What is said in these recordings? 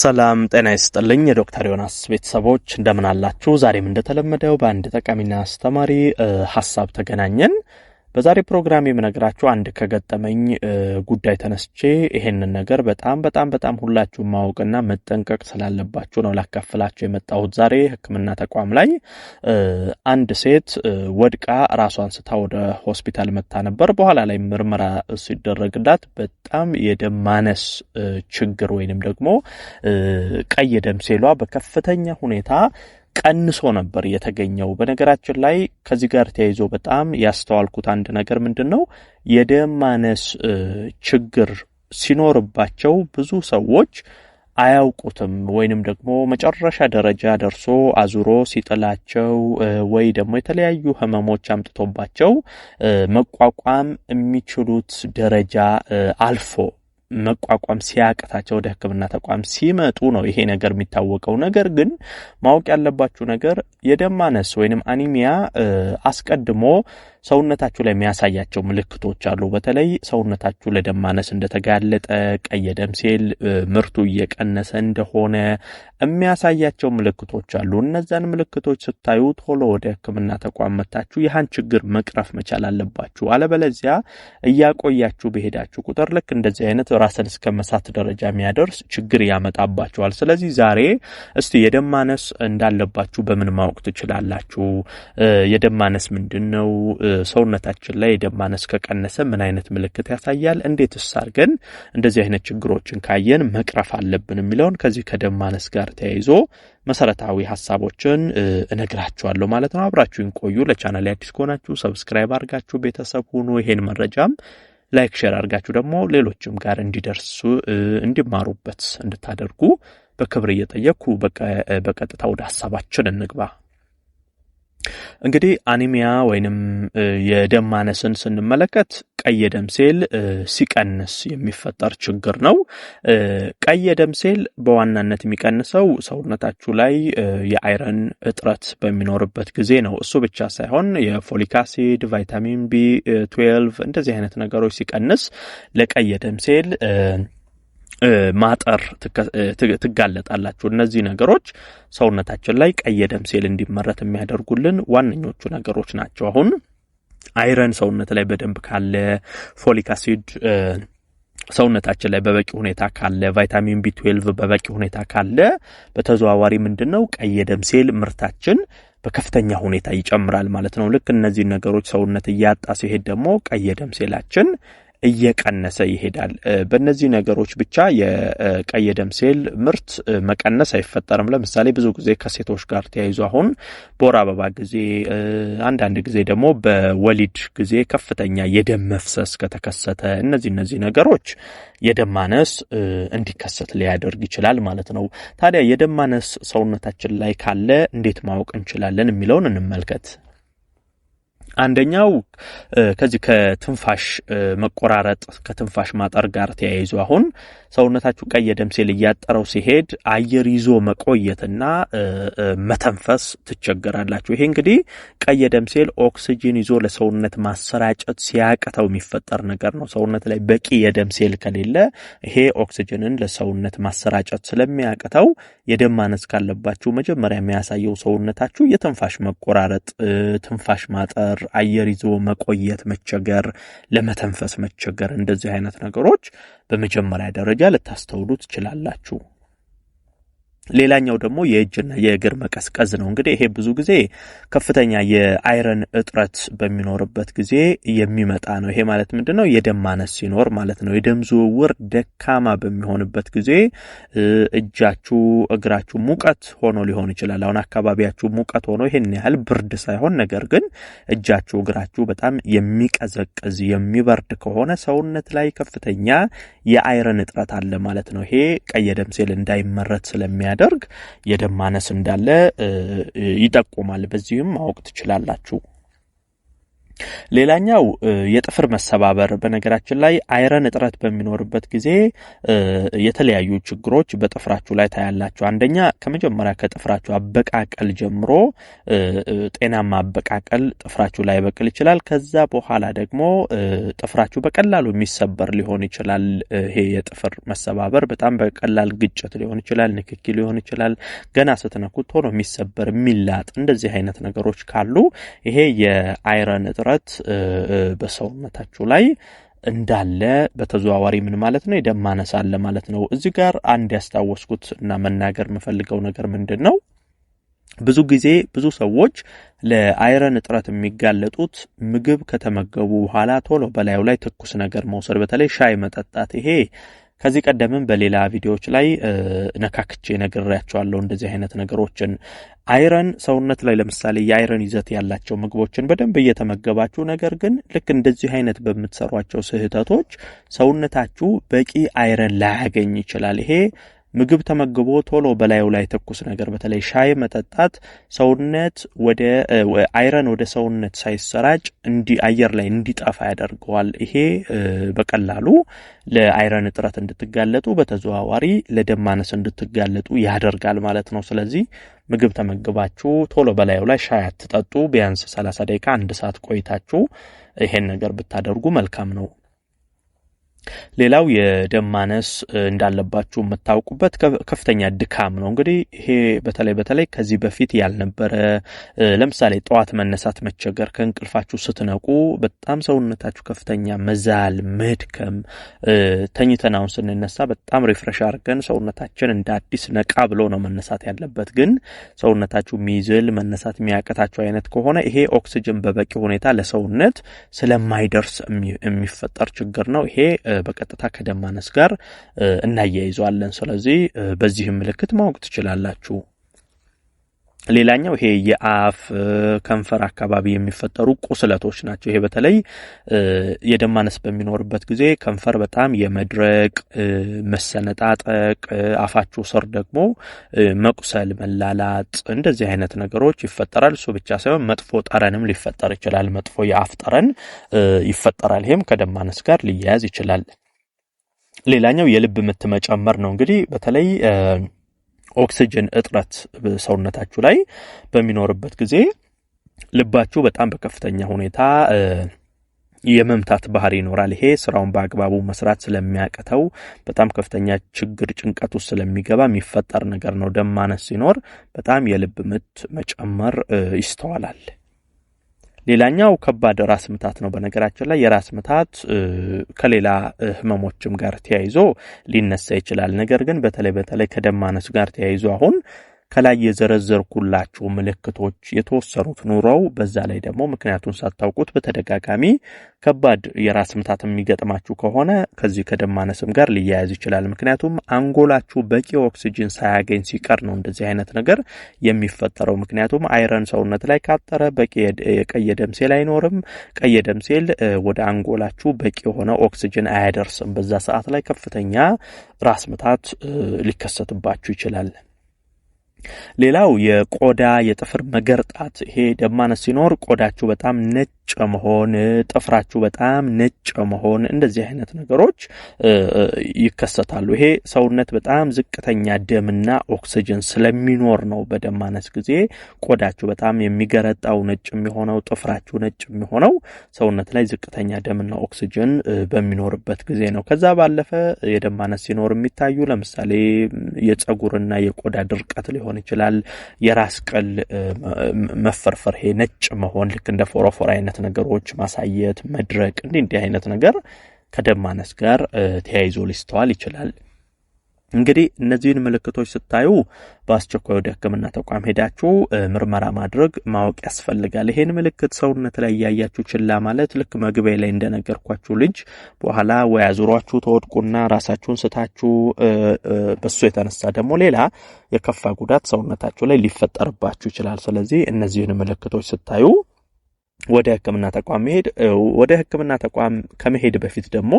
ሰላም ጤና ይስጥልኝ የዶክተር ዮናስ ቤተሰቦች እንደምን አላችሁ? ዛሬም እንደተለመደው በአንድ ጠቃሚና አስተማሪ ሀሳብ ተገናኘን። በዛሬ ፕሮግራም የምነግራችሁ አንድ ከገጠመኝ ጉዳይ ተነስቼ ይሄንን ነገር በጣም በጣም በጣም ሁላችሁም ማወቅና መጠንቀቅ ስላለባችሁ ነው ላካፍላችሁ የመጣሁት። ዛሬ ሕክምና ተቋም ላይ አንድ ሴት ወድቃ ራሷን ስታ ወደ ሆስፒታል መታ ነበር። በኋላ ላይ ምርመራ ሲደረግላት በጣም የደም ማነስ ችግር ወይንም ደግሞ ቀይ ደም ሴሏ በከፍተኛ ሁኔታ ቀንሶ ነበር የተገኘው። በነገራችን ላይ ከዚህ ጋር ተያይዞ በጣም ያስተዋልኩት አንድ ነገር ምንድን ነው የደም ማነስ ችግር ሲኖርባቸው ብዙ ሰዎች አያውቁትም ወይንም ደግሞ መጨረሻ ደረጃ ደርሶ አዙሮ ሲጥላቸው ወይ ደግሞ የተለያዩ ሕመሞች አምጥቶባቸው መቋቋም የሚችሉት ደረጃ አልፎ መቋቋም ሲያቅታቸው ወደ ሕክምና ተቋም ሲመጡ ነው ይሄ ነገር የሚታወቀው። ነገር ግን ማወቅ ያለባችሁ ነገር የደም ማነስ ወይንም አኒሚያ አስቀድሞ ሰውነታችሁ ላይ የሚያሳያቸው ምልክቶች አሉ። በተለይ ሰውነታችሁ ለደም ማነስ እንደተጋለጠ፣ ቀይ የደም ሴል ምርቱ እየቀነሰ እንደሆነ የሚያሳያቸው ምልክቶች አሉ። እነዛን ምልክቶች ስታዩ ቶሎ ወደ ሕክምና ተቋም መታችሁ ይህን ችግር መቅረፍ መቻል አለባችሁ። አለበለዚያ እያቆያችሁ በሄዳችሁ ቁጥር ልክ እንደዚህ አይነት ራስን እስከ መሳት ደረጃ የሚያደርስ ችግር ያመጣባችኋል። ስለዚህ ዛሬ እስቲ የደም ማነስ እንዳለባችሁ በምን ማወቅ ትችላላችሁ? የደም ማነስ ምንድን ነው? ሰውነታችን ላይ የደም ማነስ ከቀነሰ ምን አይነት ምልክት ያሳያል? እንዴትስ ግን እንደዚህ አይነት ችግሮችን ካየን መቅረፍ አለብን የሚለውን ከዚህ ከደም ማነስ ጋር ተያይዞ መሰረታዊ ሀሳቦችን እነግራችኋለሁ ማለት ነው። አብራችሁን ቆዩ። ለቻናል አዲስ ከሆናችሁ ሰብስክራይብ አድርጋችሁ ቤተሰብ ሁኑ። ይሄን መረጃም ላይክ ሼር አድርጋችሁ ደግሞ ሌሎችም ጋር እንዲደርሱ እንዲማሩበት እንድታደርጉ በክብር እየጠየቅኩ በቀጥታ ወደ ሀሳባችን እንግባ። እንግዲህ አኒሚያ ወይንም የደም ማነስን ስንመለከት ቀይ ደም ሴል ሲቀንስ የሚፈጠር ችግር ነው። ቀይ ደም ሴል በዋናነት የሚቀንሰው ሰውነታችሁ ላይ የአይረን እጥረት በሚኖርበት ጊዜ ነው። እሱ ብቻ ሳይሆን የፎሊክ አሲድ፣ ቫይታሚን ቢ ትዌልቭ እንደዚህ አይነት ነገሮች ሲቀንስ ለቀይ ደም ሴል ማጠር ትጋለጣላችሁ። እነዚህ ነገሮች ሰውነታችን ላይ ቀይ ደም ሴል እንዲመረት የሚያደርጉልን ዋነኞቹ ነገሮች ናቸው። አሁን አይረን ሰውነት ላይ በደንብ ካለ ፎሊክ አሲድ ሰውነታችን ላይ በበቂ ሁኔታ ካለ ቫይታሚን ቢ12 በበቂ ሁኔታ ካለ በተዘዋዋሪ ምንድን ነው ቀይ ደም ሴል ምርታችን በከፍተኛ ሁኔታ ይጨምራል ማለት ነው። ልክ እነዚህ ነገሮች ሰውነት እያጣ ሲሄድ ደግሞ ቀይ ደም ሴላችን እየቀነሰ ይሄዳል። በእነዚህ ነገሮች ብቻ የቀይ ደም ሴል ምርት መቀነስ አይፈጠርም። ለምሳሌ ብዙ ጊዜ ከሴቶች ጋር ተያይዞ አሁን በወር አበባ ጊዜ፣ አንዳንድ ጊዜ ደግሞ በወሊድ ጊዜ ከፍተኛ የደም መፍሰስ ከተከሰተ እነዚህ እነዚህ ነገሮች የደም ማነስ እንዲከሰት ሊያደርግ ይችላል ማለት ነው። ታዲያ የደም ማነስ ሰውነታችን ላይ ካለ እንዴት ማወቅ እንችላለን የሚለውን እንመልከት። አንደኛው ከዚህ ከትንፋሽ መቆራረጥ ከትንፋሽ ማጠር ጋር ተያይዞ አሁን ሰውነታችሁ ቀይ ደም ሴል እያጠረው ሲሄድ አየር ይዞ መቆየትና መተንፈስ ትቸገራላችሁ። ይሄ እንግዲህ ቀይ የደም ሴል ኦክስጂን ይዞ ለሰውነት ማሰራጨት ሲያቅተው የሚፈጠር ነገር ነው። ሰውነት ላይ በቂ የደም ሴል ከሌለ ይሄ ኦክስጂንን ለሰውነት ማሰራጨት ስለሚያቅተው የደም ማነስ ካለባችሁ መጀመሪያ የሚያሳየው ሰውነታችሁ የትንፋሽ መቆራረጥ፣ ትንፋሽ ማጠር፣ አየር ይዞ መቆየት መቸገር፣ ለመተንፈስ መቸገር እንደዚህ አይነት ነገሮች በመጀመሪያ ደረጃ ልታስተውሉ ትችላላችሁ። ሌላኛው ደግሞ የእጅና የእግር መቀስቀዝ ነው። እንግዲህ ይሄ ብዙ ጊዜ ከፍተኛ የአይረን እጥረት በሚኖርበት ጊዜ የሚመጣ ነው። ይሄ ማለት ምንድን ነው? የደም ማነስ ሲኖር ማለት ነው። የደም ዝውውር ደካማ በሚሆንበት ጊዜ እጃችሁ፣ እግራችሁ ሙቀት ሆኖ ሊሆን ይችላል። አሁን አካባቢያችሁ ሙቀት ሆኖ ይህን ያህል ብርድ ሳይሆን፣ ነገር ግን እጃችሁ፣ እግራችሁ በጣም የሚቀዘቅዝ የሚበርድ ከሆነ ሰውነት ላይ ከፍተኛ የአይረን እጥረት አለ ማለት ነው። ይሄ ቀይ ደም ሴል እንዳይመረት ስለሚያደ ሲያደርግ የደም ማነስ እንዳለ ይጠቁማል። በዚህም ማወቅ ትችላላችሁ። ሌላኛው የጥፍር መሰባበር። በነገራችን ላይ አይረን እጥረት በሚኖርበት ጊዜ የተለያዩ ችግሮች በጥፍራችሁ ላይ ታያላችሁ። አንደኛ ከመጀመሪያ ከጥፍራችሁ አበቃቀል ጀምሮ ጤናማ አበቃቀል ጥፍራችሁ ላይ በቅል ይችላል። ከዛ በኋላ ደግሞ ጥፍራችሁ በቀላሉ የሚሰበር ሊሆን ይችላል። ይሄ የጥፍር መሰባበር በጣም በቀላል ግጭት ሊሆን ይችላል፣ ንክኪ ሊሆን ይችላል። ገና ስትነኩት ቶሎ የሚሰበር የሚላጥ፣ እንደዚህ አይነት ነገሮች ካሉ ይሄ የአይረን እጥረት እጥረት በሰውነታችሁ ላይ እንዳለ በተዘዋዋሪ ምን ማለት ነው? የደም ማነስ አለ ማለት ነው። እዚህ ጋር አንድ ያስታወስኩት እና መናገር የምፈልገው ነገር ምንድን ነው? ብዙ ጊዜ ብዙ ሰዎች ለአይረን እጥረት የሚጋለጡት ምግብ ከተመገቡ በኋላ ቶሎ በላዩ ላይ ትኩስ ነገር መውሰድ፣ በተለይ ሻይ መጠጣት፣ ይሄ ከዚህ ቀደምም በሌላ ቪዲዮዎች ላይ ነካክቼ ነግሬያቸዋለሁ እንደዚህ አይነት ነገሮችን። አይረን ሰውነት ላይ ለምሳሌ የአይረን ይዘት ያላቸው ምግቦችን በደንብ እየተመገባችሁ ነገር ግን ልክ እንደዚህ አይነት በምትሰሯቸው ስህተቶች ሰውነታችሁ በቂ አይረን ላያገኝ ይችላል። ይሄ ምግብ ተመግቦ ቶሎ በላዩ ላይ ትኩስ ነገር በተለይ ሻይ መጠጣት ሰውነት ወደ አይረን ወደ ሰውነት ሳይሰራጭ እንዲ አየር ላይ እንዲጠፋ ያደርገዋል። ይሄ በቀላሉ ለአይረን እጥረት እንድትጋለጡ በተዘዋዋሪ ለደም ማነስ እንድትጋለጡ ያደርጋል ማለት ነው። ስለዚህ ምግብ ተመግባችሁ ቶሎ በላዩ ላይ ሻይ አትጠጡ። ቢያንስ 30 ደቂቃ አንድ ሰዓት ቆይታችሁ ይሄን ነገር ብታደርጉ መልካም ነው። ሌላው የደም ማነስ እንዳለባችሁ የምታውቁበት ከፍተኛ ድካም ነው። እንግዲህ ይሄ በተለይ በተለይ ከዚህ በፊት ያልነበረ ለምሳሌ ጠዋት መነሳት መቸገር፣ ከእንቅልፋችሁ ስትነቁ በጣም ሰውነታችሁ ከፍተኛ መዛል፣ መድከም፣ ተኝተናውን ስንነሳ በጣም ሪፍረሽ አድርገን ሰውነታችን እንደ አዲስ ነቃ ብሎ ነው መነሳት ያለበት። ግን ሰውነታችሁ ሚዝል መነሳት የሚያቀታችሁ አይነት ከሆነ ይሄ ኦክስጅን በበቂ ሁኔታ ለሰውነት ስለማይደርስ የሚፈጠር ችግር ነው ይሄ በቀጥታ ከደማነስ ጋር እናያይዘዋለን። ስለዚህ በዚህም ምልክት ማወቅ ትችላላችሁ። ሌላኛው ይሄ የአፍ ከንፈር አካባቢ የሚፈጠሩ ቁስለቶች ናቸው። ይሄ በተለይ የደም ማነስ በሚኖርበት ጊዜ ከንፈር በጣም የመድረቅ መሰነጣጠቅ፣ አፋችሁ ስር ደግሞ መቁሰል፣ መላላጥ እንደዚህ አይነት ነገሮች ይፈጠራል። እሱ ብቻ ሳይሆን መጥፎ ጠረንም ሊፈጠር ይችላል። መጥፎ የአፍ ጠረን ይፈጠራል። ይሄም ከደም ማነስ ጋር ሊያያዝ ይችላል። ሌላኛው የልብ ምት መጨመር ነው። እንግዲህ በተለይ ኦክሲጅን እጥረት ሰውነታችሁ ላይ በሚኖርበት ጊዜ ልባችሁ በጣም በከፍተኛ ሁኔታ የመምታት ባህሪ ይኖራል። ይሄ ስራውን በአግባቡ መስራት ስለሚያቅተው በጣም ከፍተኛ ችግር፣ ጭንቀት ውስጥ ስለሚገባ የሚፈጠር ነገር ነው። ደም ማነስ ሲኖር በጣም የልብ ምት መጨመር ይስተዋላል። ሌላኛው ከባድ ራስ ምታት ነው። በነገራችን ላይ የራስ ምታት ከሌላ ህመሞችም ጋር ተያይዞ ሊነሳ ይችላል። ነገር ግን በተለይ በተለይ ከደም ማነስ ጋር ተያይዞ አሁን ከላይ የዘረዘርኩላችሁ ምልክቶች የተወሰኑት ኑረው በዛ ላይ ደግሞ ምክንያቱን ሳታውቁት በተደጋጋሚ ከባድ የራስ ምታት የሚገጥማችሁ ከሆነ ከዚህ ከደም ማነስም ጋር ሊያያዝ ይችላል። ምክንያቱም አንጎላችሁ በቂ ኦክሲጅን ሳያገኝ ሲቀር ነው እንደዚህ አይነት ነገር የሚፈጠረው። ምክንያቱም አይረን ሰውነት ላይ ካጠረ በቂ የቀይ ደም ሴል አይኖርም። ቀይ ደም ሴል ወደ አንጎላችሁ በቂ የሆነ ኦክሲጅን አያደርስም። በዛ ሰዓት ላይ ከፍተኛ ራስ ምታት ሊከሰትባችሁ ይችላል። ሌላው የቆዳ የጥፍር መገርጣት፣ ይሄ ደማነስ ሲኖር ቆዳችሁ በጣም ነጭ መሆን፣ ጥፍራችሁ በጣም ነጭ መሆን፣ እንደዚህ አይነት ነገሮች ይከሰታሉ። ይሄ ሰውነት በጣም ዝቅተኛ ደምና ኦክስጅን ስለሚኖር ነው። በደማነስ ጊዜ ቆዳችሁ በጣም የሚገረጣው ነጭ የሚሆነው፣ ጥፍራችሁ ነጭ የሚሆነው ሰውነት ላይ ዝቅተኛ ደምና ኦክስጅን በሚኖርበት ጊዜ ነው። ከዛ ባለፈ የደማነስ ሲኖር የሚታዩ ለምሳሌ የጸጉርና የቆዳ ድርቀት ሊሆን ሊሆን ይችላል። የራስ ቅል መፈርፈር፣ ይሄ ነጭ መሆን፣ ልክ እንደ ፎረፎር አይነት ነገሮች ማሳየት፣ መድረቅ፣ እንዲህ እንዲህ አይነት ነገር ከደም ማነስ ጋር ተያይዞ ሊስተዋል ይችላል። እንግዲህ እነዚህን ምልክቶች ስታዩ በአስቸኳይ ወደ ሕክምና ተቋም ሄዳችሁ ምርመራ ማድረግ ማወቅ ያስፈልጋል። ይሄን ምልክት ሰውነት ላይ እያያችሁ ችላ ማለት ልክ መግቢያ ላይ እንደነገርኳችሁ ልጅ በኋላ ወይ አዙሯችሁ ተወድቁና ራሳችሁን ስታችሁ በሱ የተነሳ ደግሞ ሌላ የከፋ ጉዳት ሰውነታችሁ ላይ ሊፈጠርባችሁ ይችላል። ስለዚህ እነዚህን ምልክቶች ስታዩ ወደ ህክምና ተቋም መሄድ ወደ ህክምና ተቋም ከመሄድ በፊት ደግሞ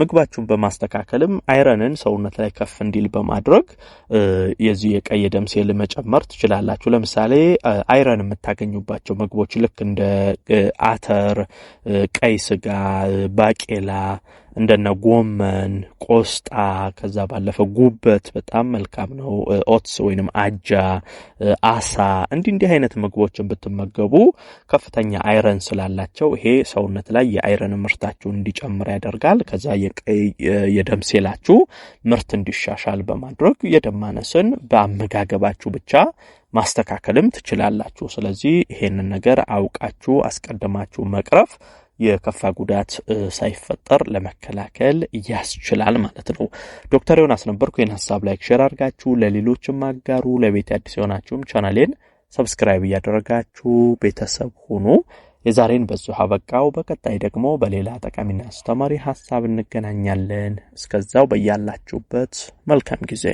ምግባችሁን በማስተካከልም አይረንን ሰውነት ላይ ከፍ እንዲል በማድረግ የዚህ የቀይ ደም ሴል መጨመር ትችላላችሁ። ለምሳሌ አይረን የምታገኙባቸው ምግቦች ልክ እንደ አተር፣ ቀይ ስጋ፣ ባቄላ እንደነ ጎመን፣ ቆስጣ ከዛ ባለፈ ጉበት በጣም መልካም ነው። ኦትስ ወይንም አጃ፣ አሳ እንዲህ እንዲህ አይነት ምግቦችን ብትመገቡ ከፍተኛ አይረን ስላላቸው ይሄ ሰውነት ላይ የአይረን ምርታችሁን እንዲጨምር ያደርጋል። ከዛ የደም ሴላችሁ ምርት እንዲሻሻል በማድረግ የደም ማነስን በአመጋገባችሁ ብቻ ማስተካከልም ትችላላችሁ። ስለዚህ ይሄንን ነገር አውቃችሁ አስቀድማችሁ መቅረፍ የከፋ ጉዳት ሳይፈጠር ለመከላከል ያስችላል ማለት ነው። ዶክተር ዮናስ ነበርኩ። ይህን ሀሳብ ላይክ ሼር አድርጋችሁ ለሌሎችም አጋሩ። ለቤት አዲስ የሆናችሁም ቻናሌን ሰብስክራይብ እያደረጋችሁ ቤተሰብ ሁኑ። የዛሬን በዚሁ አበቃው። በቀጣይ ደግሞ በሌላ ጠቃሚና አስተማሪ ሀሳብ እንገናኛለን። እስከዛው በያላችሁበት መልካም ጊዜ